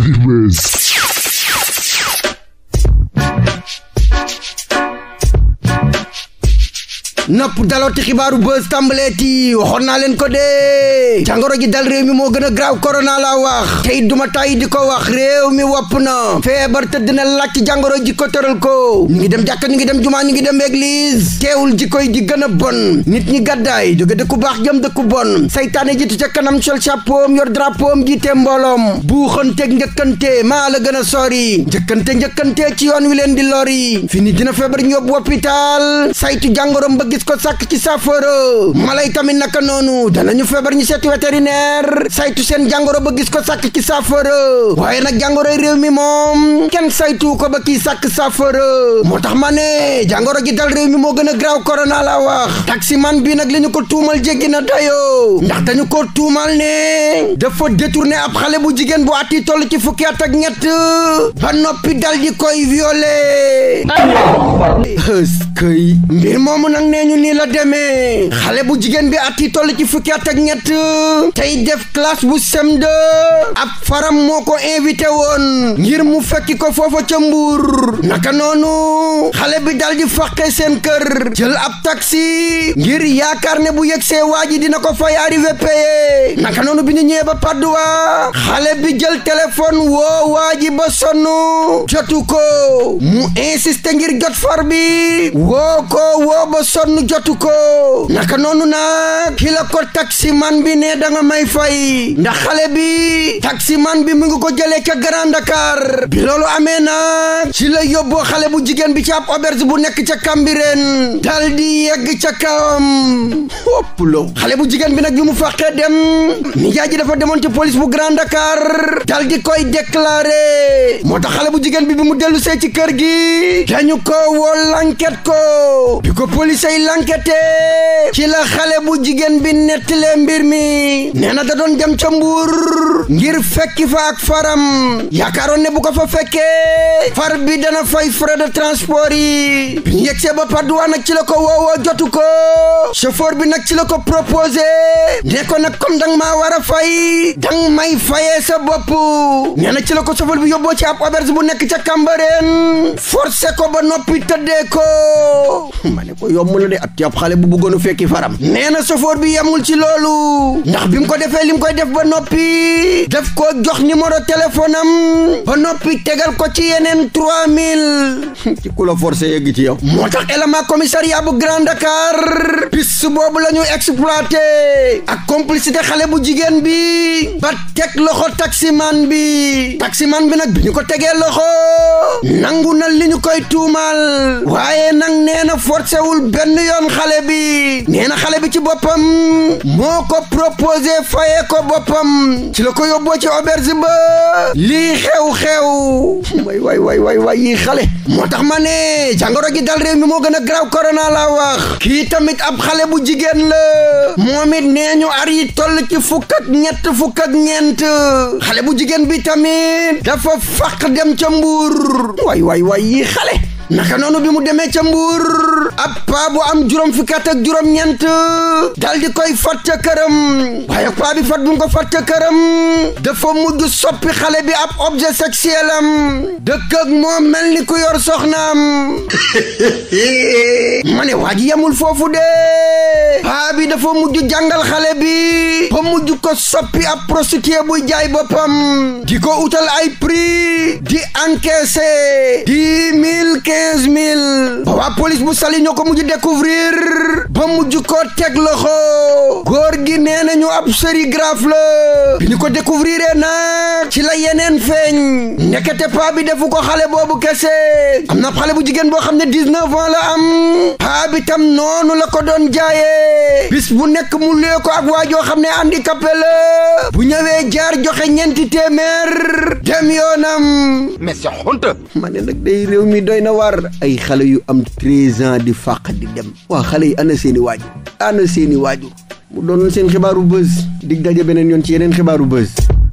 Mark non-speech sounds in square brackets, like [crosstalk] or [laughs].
Heavy Mess. nopp dalooti xibaaru buzz tàmbaleeti waxoon naa leen ko dee jàngoro ji dal réew mi moo gën a graaw korona la wax tey duma tàyyi di ko wax réew mi wopp na feebar tëdd na laaj jàngoro ji ko tëral ko ñu ngi dem jàkka ñu ngi dem jumaa ñu ngi dem église teewul ji koy ji gën a bon nit ñi gàddaay jóge dëkku baax jëm dëkku bon saytaane jiitu ca kanam sol chapeau yor drapeau jiite mbooloom buuxanteeg njëkkante maa la gën a sori njëkkante njëkkante ci yoon leen di lori fini dina feebar ñu yóbbu hôpital saytu jàngoro mbëgg gis ko sàkk ci saafara mala yi tamit naka noonu danañu feebar ñu seeti vétérinaire saytu seen jàngoro ba gis ko sàkk ci saafara waaye nag jàngoro réew mi moom kenn saytu ko ba kii sàkk saafara moo tax ma ne jàngoro ji dal réew mi moo gën a graaw corona la wax man bi nag li ñu ko tuumal jéggi na dayoo ndax dañu ko tuumal ne dafa détourné ab xale bu jigéen bu at yi toll ci fukki at ak ñett ba noppi dal di koy violé këy mbir moomu nag nee ñu nii la demee xale bu jigéen bi at yi toll ci fukki at ak ñett tey def classe bu semde ab faram moo ko invité woon ngir mu fekki ko foofa ca mbuur naka noonu xale bi dal di seen kër jël ab taxi ngir yaakaar ne bu yëgsee waa ji dina ko fay arrivé payé naka noonu bi ñu ñëwee ba Padoua xale bi jël téléphone woo waa ji ba sonn jotu ko mu insisté ngir jot far bi woo ko woo ba sonn jotu ko naka noonu nag ki la ko taximan bi ne da nga may fay ndax xale bi taximan bi mu ngi ko jëlee ca Grand Dakar bi loolu amee nag ci la yóbboo xale bu jigéen bi ci ab auberge bu nekk ca Kambireen dal di yegg ca kawam hopplo xale bu jigéen bi nag bi mu fàqee dem nijaay ji dafa demoon ci police bu Grand Dakar dal di koy déclaré moo tax xale bu jigéen bi bi mu dellu see ci kër gi dañu ko woo lanket ko bi ko police yi lankete ci la xale bu jigéen bi nettalee mbir mi nee na da doon dem ca Mbuur ngir fekki fa ak faram yaakaaroon ne bu ko fa fekkee bi dana fay frais de transport yi bi ñu yegsee ba Padoua nag ci la ko woowoo jotu chauffeur bi nag ci la ko proposé ne ko nag comme dang maa war a fay dang may fayee sa bopp nee na ci la ko chauffeur bi yóbboo ci ab auberge bu nekk ca Cambérène forcé ko ba noppi tëddee ko ma ne ko yomb la de at yab xale bu bëggoon a fekki faram ne na sofoor bi yamul ci loolu ndax bi ko defee lim koy def ba noppi def ko jox numéro téléphone am ba noppi tegal ko ci yeneen trois mille [laughs] ci ku la forcé ci yow moo tax élément commissariat bu Grand Dakar texte boobu la ñu exploité ak complicité xale bu jigéen bi ba teg loxo taximan bi man bi nag bi ñu ko tegee loxo nangu na li ñu koy tuumal waaye nag nee na forcé wul benn yoon xale bi nee na xale bi ci boppam moo ko proposé fayee ko boppam ci la ko yóbboo ci auberge ba lii xew-xew way way way way way yi xale moo tax ma ne jàngoro gi dal réew mi moo gën a graw corona laa wax kii tamit ab xale xale bu jigéen la moom it nee ñu ar yi toll ci fukk ñett fukk ak ñeent xale bu jigéen bi tamit faq dem ca mbuur waay waay xale naka noonu bi mu demee ca mbuur ab paa am juróom fukki at juróom-ñeent dal koy fat ca këram waaye paa bi fat bu ko fat ca këram dafa mujj soppi xale bi ab objet sexuel ak moom mel ni ku yor soxnaam [laughs] ma ne waa ji foofu de paa bi dafa mujj jàngal xale bi ba mujj ko soppi ab prostituée buy jaay boppam di ko utal ay prix di encaissé dix mille quinze mille ba waa police bu Saly ko mujj découvrir ba mujj ko loxo nañu ab sérigraphe la bi ñu ko découvrir nag ci la yeneen feeñ ndekete paa defu ko xale boobu kese am na xale bu jigéen boo xam ne 19 ans la am paa bi tam noonu la ko doon jaayee bis bu nekk mu lee ko ak waajoo xam ne handicapé la bu ñawee jaar joxe ñeenti téeméer dem yoonam mais sa xunta ma ne réew mi doy na war ay xale yu am 13 ans di fàq di dem waa xale yi ana seeni waajur ana seeni waajur mu doonoon seen xibaaru buzz dig daje beneen yoon ci yeneen xibaaru bés